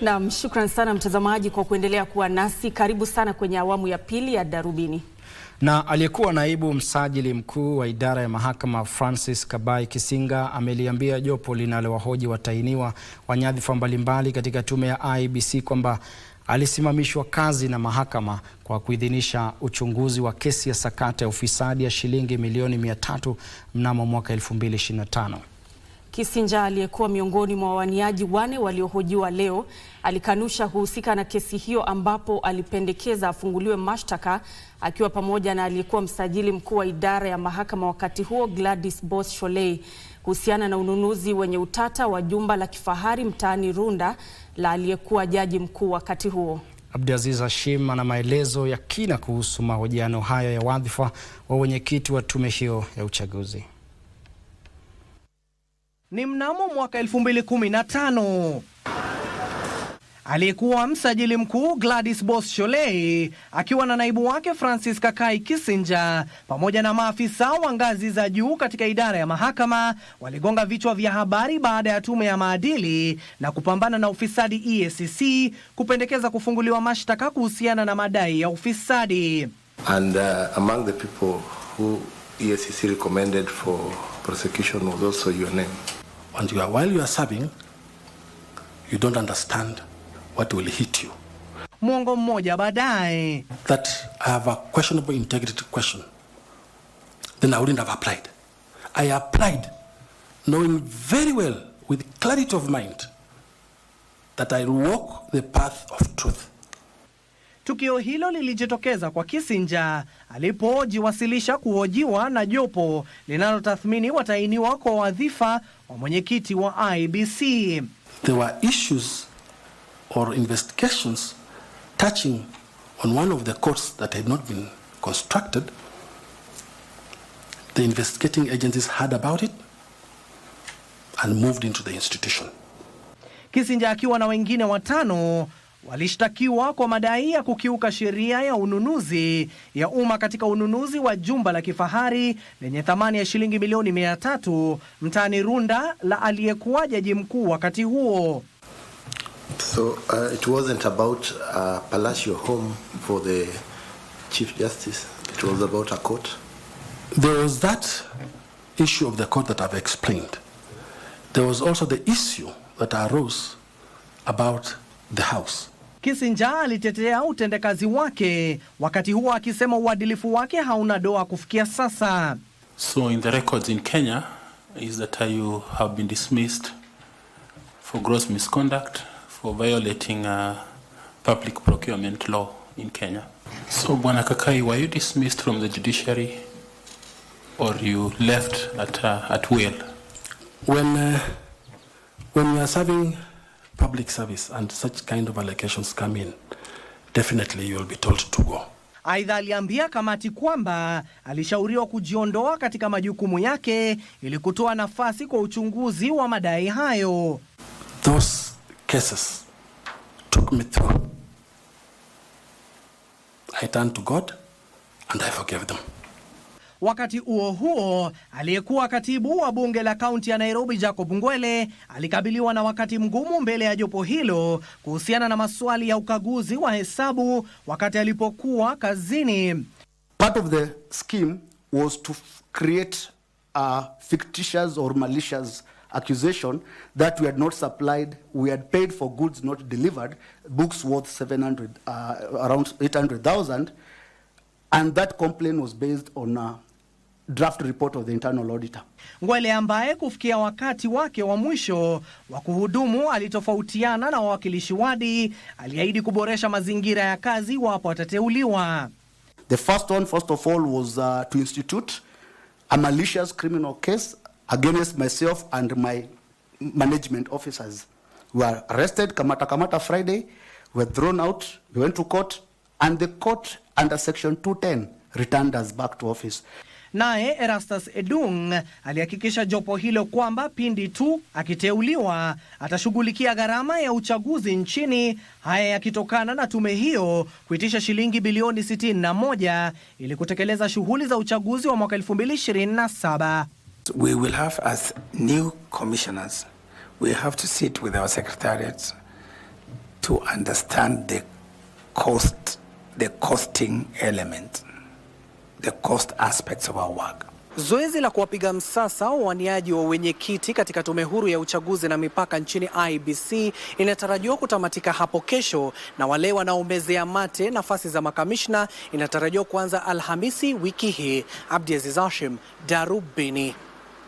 Naam, shukran sana mtazamaji kwa kuendelea kuwa nasi. Karibu sana kwenye awamu ya pili ya Darubini. Na aliyekuwa naibu msajili mkuu wa idara ya mahakama Francis Kabai Kisinga ameliambia jopo linalowahoji watahiniwa wa nyadhifa mbalimbali katika tume ya IEBC kwamba alisimamishwa kazi na mahakama kwa kuidhinisha uchunguzi wa kesi ya sakata ya ufisadi ya shilingi milioni 300 mnamo mwaka 2025 kisinja aliyekuwa miongoni mwa wawaniaji wane waliohojiwa leo alikanusha kuhusika na kesi hiyo ambapo alipendekeza afunguliwe mashtaka akiwa pamoja na aliyekuwa msajili mkuu wa idara ya mahakama wakati huo Gladys Boss Sholei kuhusiana na ununuzi wenye utata wa jumba la kifahari mtaani Runda la aliyekuwa jaji mkuu wakati huo. Abdulaziz Hashim ana maelezo ya kina kuhusu mahojiano hayo ya wadhifa wa wenyekiti wa tume hiyo ya uchaguzi ni mnamo mwaka 2015 aliyekuwa msajili mkuu Gladys Boss Sholei akiwa na naibu wake Francis Kakai Kisinja pamoja na maafisa wa ngazi za juu katika idara ya mahakama waligonga vichwa vya habari baada ya tume ya maadili na kupambana na ufisadi EACC kupendekeza kufunguliwa mashtaka kuhusiana na madai ya ufisadi. And, uh, among the people who EACC recommended for prosecution was also your name. And you are, while you are serving, you don't understand what will hit you. Mwongo mmoja baadaye. That I have a questionable integrity question. Then I wouldn't have applied. I applied knowing very well with clarity of mind that I walk the path of truth. Tukio hilo lilijitokeza kwa Kisinja alipojiwasilisha kuhojiwa na jopo linalotathmini watainiwa kwa wadhifa wa mwenyekiti wa IBC. There were issues or investigations touching on one of the courts that had not been constructed. The investigating agencies heard about it and moved into the institution. Kisinja akiwa na wengine watano walishtakiwa kwa madai ya kukiuka sheria ya ununuzi ya umma katika ununuzi wa jumba la kifahari lenye thamani ya shilingi milioni mia tatu mtaani Runda la aliyekuwa jaji mkuu wakati huo. So, uh, it wasn't about a uh, palatial home for the Chief Justice. It was about a court. There was that issue of the court that I've explained. There was also the issue that arose about the house. Kissinger alitetea utendakazi wake wakati huo akisema uadilifu wake hauna doa kufikia sasa. So in the records in Kenya is that you have been dismissed for gross misconduct for violating a uh, public procurement law in Kenya. So Bwana Kakai, were you dismissed from the judiciary or you left at, uh, at will? When, uh, when we are serving public service and such kind of allocations come in, definitely you will be told to go. Aidha, aliambia kamati kwamba alishauriwa kujiondoa katika majukumu yake ili kutoa nafasi kwa uchunguzi wa madai hayo. Those cases took me through. I turned to God and I forgave them. Wakati huo huo, aliyekuwa katibu wa bunge la kaunti ya Nairobi Jacob Ngwele alikabiliwa na wakati mgumu mbele ya jopo hilo kuhusiana na maswali ya ukaguzi wa hesabu wakati alipokuwa kazini. Part of the scheme was to create a fictitious or malicious accusation that we had not supplied, we had paid for goods not delivered, books worth 700, uh, around 800,000, and that complaint was based on a uh, draft report of the internal auditor. Ngwele ambaye kufikia wakati wake wa mwisho wa kuhudumu alitofautiana na wawakilishi wadi aliahidi kuboresha mazingira ya kazi wapo atateuliwa. The first one, first of all, was uh, to institute a malicious criminal case against myself and my management officers. We were arrested Kamata Kamata Friday, we were thrown out, we went to court, and the court under section 210 returned us back to office. Naye Erastus Edung alihakikisha jopo hilo kwamba pindi tu akiteuliwa atashughulikia gharama ya uchaguzi nchini, haya yakitokana na tume hiyo kuitisha shilingi bilioni 61 ili kutekeleza shughuli za uchaguzi wa mwaka 2027. We will have as new commissioners, we have to sit with our secretariats to understand the cost, the costing element the cost aspects of our work. Zoezi la kuwapiga msasa wawaniaji wa wenyekiti katika tume huru ya uchaguzi na mipaka nchini IEBC inatarajiwa kutamatika hapo kesho, na wale wanaombezea mate nafasi za makamishna inatarajiwa kuanza Alhamisi wiki hii. Abdiaziz Hashim, Darubini.